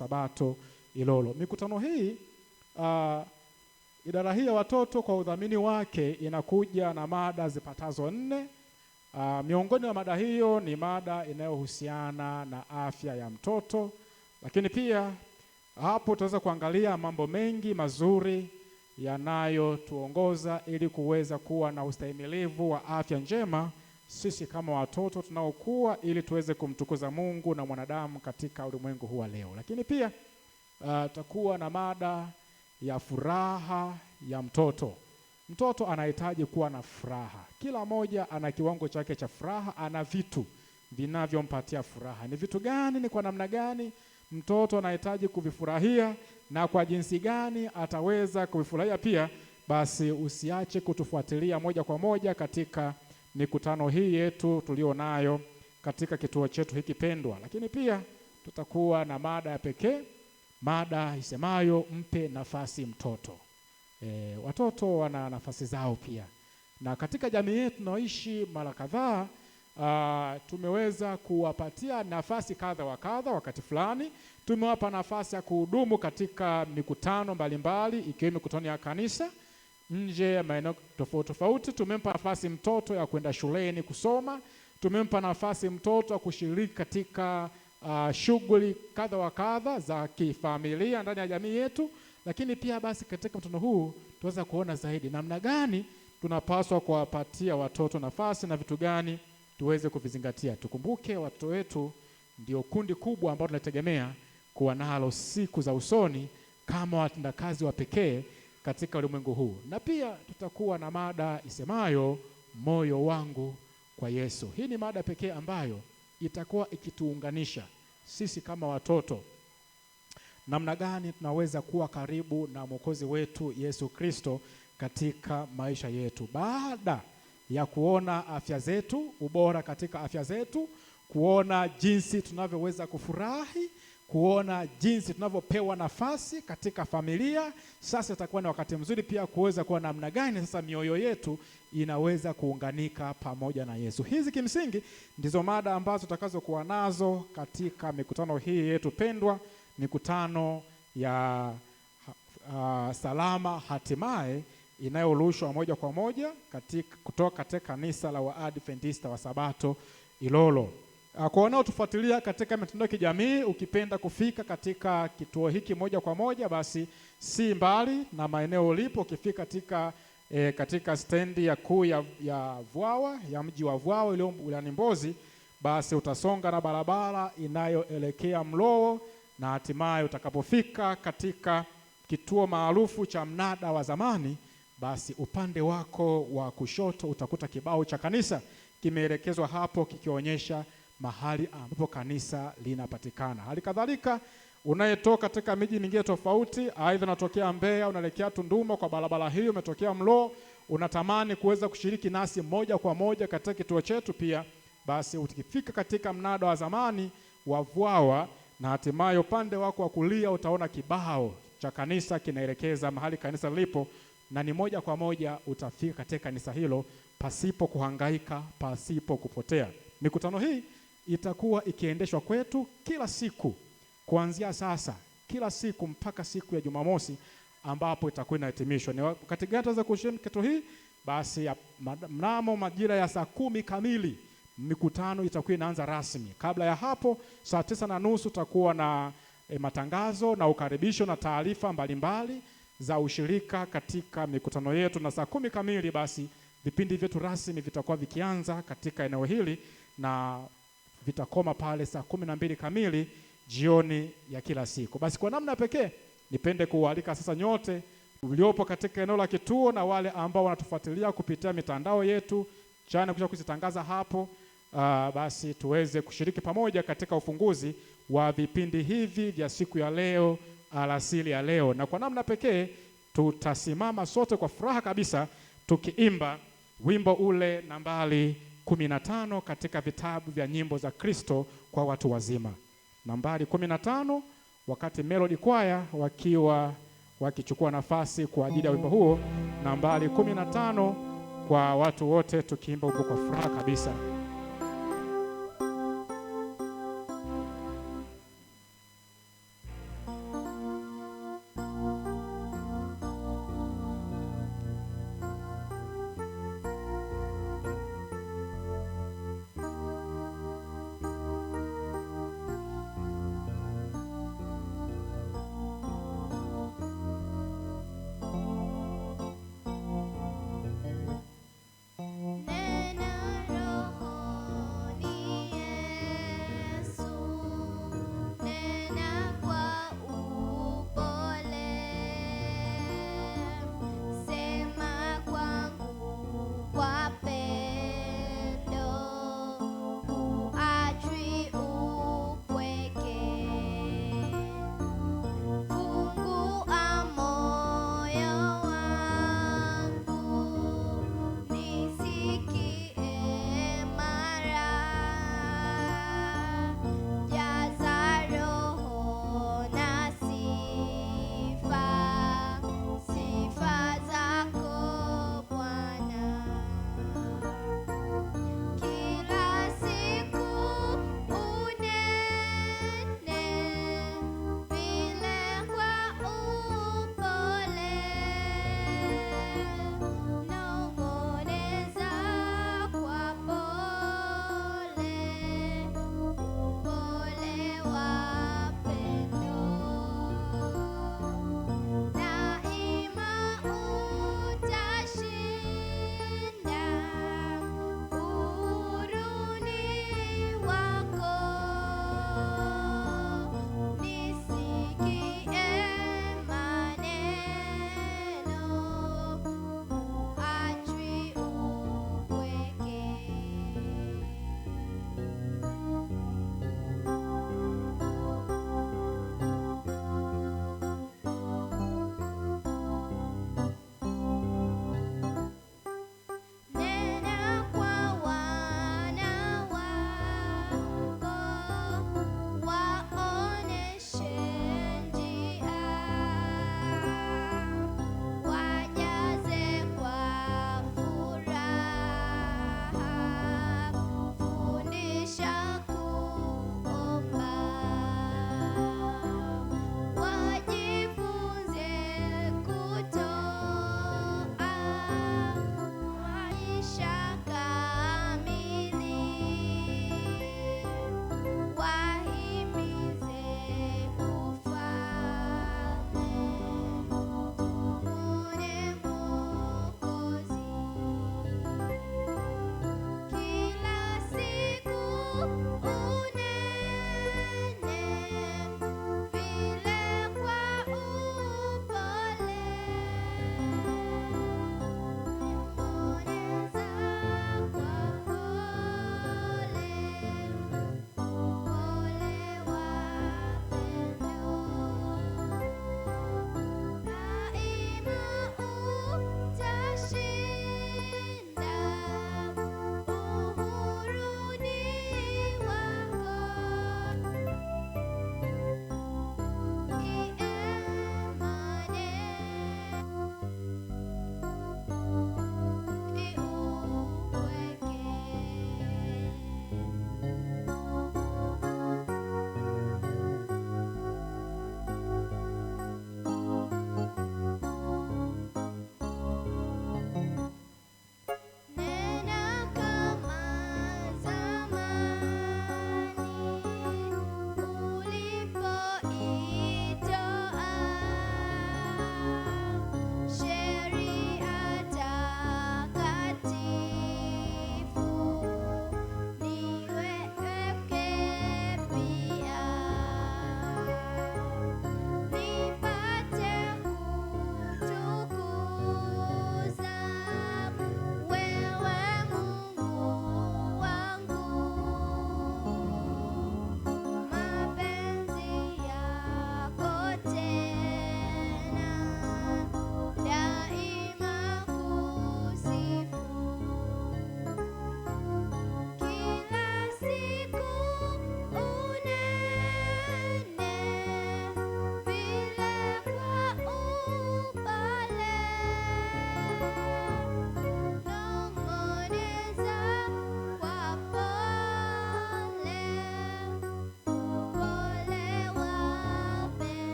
Sabato Ilolo. Mikutano hii uh, idara hii ya watoto kwa udhamini wake inakuja na mada zipatazo nne. Uh, miongoni mwa mada hiyo ni mada inayohusiana na afya ya mtoto, lakini pia hapo tutaweza kuangalia mambo mengi mazuri yanayotuongoza ili kuweza kuwa na ustahimilivu wa afya njema sisi kama watoto tunaokuwa ili tuweze kumtukuza Mungu na mwanadamu katika ulimwengu huu wa leo. Lakini pia uh, tutakuwa na mada ya furaha ya mtoto. Mtoto anahitaji kuwa na furaha. Kila mmoja ana kiwango chake cha furaha, ana vitu vinavyompatia furaha. Ni vitu gani? Ni kwa namna gani mtoto anahitaji kuvifurahia na kwa jinsi gani ataweza kuvifurahia pia? Basi usiache kutufuatilia moja kwa moja katika mikutano hii yetu tulio nayo katika kituo chetu hiki pendwa, lakini pia tutakuwa na mada ya pekee, mada isemayo mpe nafasi mtoto. E, watoto wana nafasi zao pia, na katika jamii yetu tunaoishi mara kadhaa Uh, tumeweza kuwapatia nafasi kadha wa kadha. Wakati fulani tumewapa nafasi ya kuhudumu katika mikutano mbalimbali ikiwemo mikutano ya kanisa nje ya maeneo tofauti tofauti. Tumempa nafasi mtoto ya kwenda shuleni kusoma, tumempa nafasi mtoto ya kushiriki katika uh, shughuli kadha wa kadha za kifamilia ndani ya jamii yetu. Lakini pia basi, katika mtono huu tuweza kuona zaidi namna gani tunapaswa kuwapatia watoto nafasi na vitu gani tuweze kuvizingatia. Tukumbuke watoto wetu ndio kundi kubwa ambao tunategemea kuwa nalo siku za usoni kama watendakazi wa pekee katika ulimwengu huu, na pia tutakuwa na mada isemayo moyo wangu kwa Yesu. Hii ni mada pekee ambayo itakuwa ikituunganisha sisi kama watoto, namna gani tunaweza kuwa karibu na mwokozi wetu Yesu Kristo katika maisha yetu, baada ya kuona afya zetu, ubora katika afya zetu, kuona jinsi tunavyoweza kufurahi kuona jinsi tunavyopewa nafasi katika familia. Sasa itakuwa ni wakati mzuri pia kuweza kuwa namna gani sasa mioyo yetu inaweza kuunganika pamoja na Yesu. Hizi kimsingi ndizo mada ambazo tutakazokuwa nazo katika mikutano hii yetu pendwa, mikutano ya uh, Salama Hatimaye inayorushwa moja kwa moja katika, kutoka katika kanisa la Waadventista wa Sabato Ilolo. Ah, kwa wanaotufuatilia katika mitandao ya kijamii, ukipenda kufika katika kituo hiki moja kwa moja, basi si mbali na maeneo ulipo. Ukifika katika e, katika stendi ya kuu ya, ya Vwawa ya mji wa Vwawa iliyo wilayani Mbozi, basi utasonga na barabara inayoelekea Mlowo na hatimaye utakapofika katika kituo maarufu cha mnada wa zamani, basi upande wako wa kushoto utakuta kibao cha kanisa kimeelekezwa hapo kikionyesha mahali ambapo kanisa linapatikana. Hali kadhalika unayetoka katika miji mingine tofauti, aidha unatokea Mbeya unaelekea Tunduma kwa barabara hii, umetokea Mloo, unatamani kuweza kushiriki nasi moja kwa moja katika kituo chetu pia, basi ukifika katika mnada wa zamani wa Vwawa na hatimaye upande wako wa kulia utaona kibao cha kanisa kinaelekeza mahali kanisa lipo, na ni moja kwa moja utafika katika kanisa hilo pasipo kuhangaika, pasipo kupotea. Mikutano hii itakuwa ikiendeshwa kwetu kila siku kuanzia sasa, kila siku mpaka siku ya Jumamosi ambapo itakuwa inahitimishwa. Ni wakati gani tunaweza kushiriki kitu hii? Basi ya, mnamo majira ya saa kumi kamili mikutano itakuwa inaanza rasmi. Kabla ya hapo, saa tisa na nusu tutakuwa na e, matangazo na ukaribisho na taarifa mbalimbali za ushirika katika mikutano yetu, na saa kumi kamili basi vipindi vyetu rasmi vitakuwa vikianza katika eneo hili na vitakoma pale saa kumi na mbili kamili jioni ya kila siku. Basi kwa namna pekee nipende kualika sasa nyote uliopo katika eneo la kituo na wale ambao wanatufuatilia kupitia mitandao yetu chana kuja kuzitangaza hapo. uh, basi tuweze kushiriki pamoja katika ufunguzi wa vipindi hivi vya siku ya leo alasiri ya leo, na kwa namna pekee tutasimama sote kwa furaha kabisa tukiimba wimbo ule nambari 15 katika vitabu vya nyimbo za Kristo kwa watu wazima. Nambari 15 wakati Melody Choir wakiwa wakichukua nafasi kwa ajili ya wimbo huo, nambari 15 kwa watu wote tukiimba huko kwa furaha kabisa.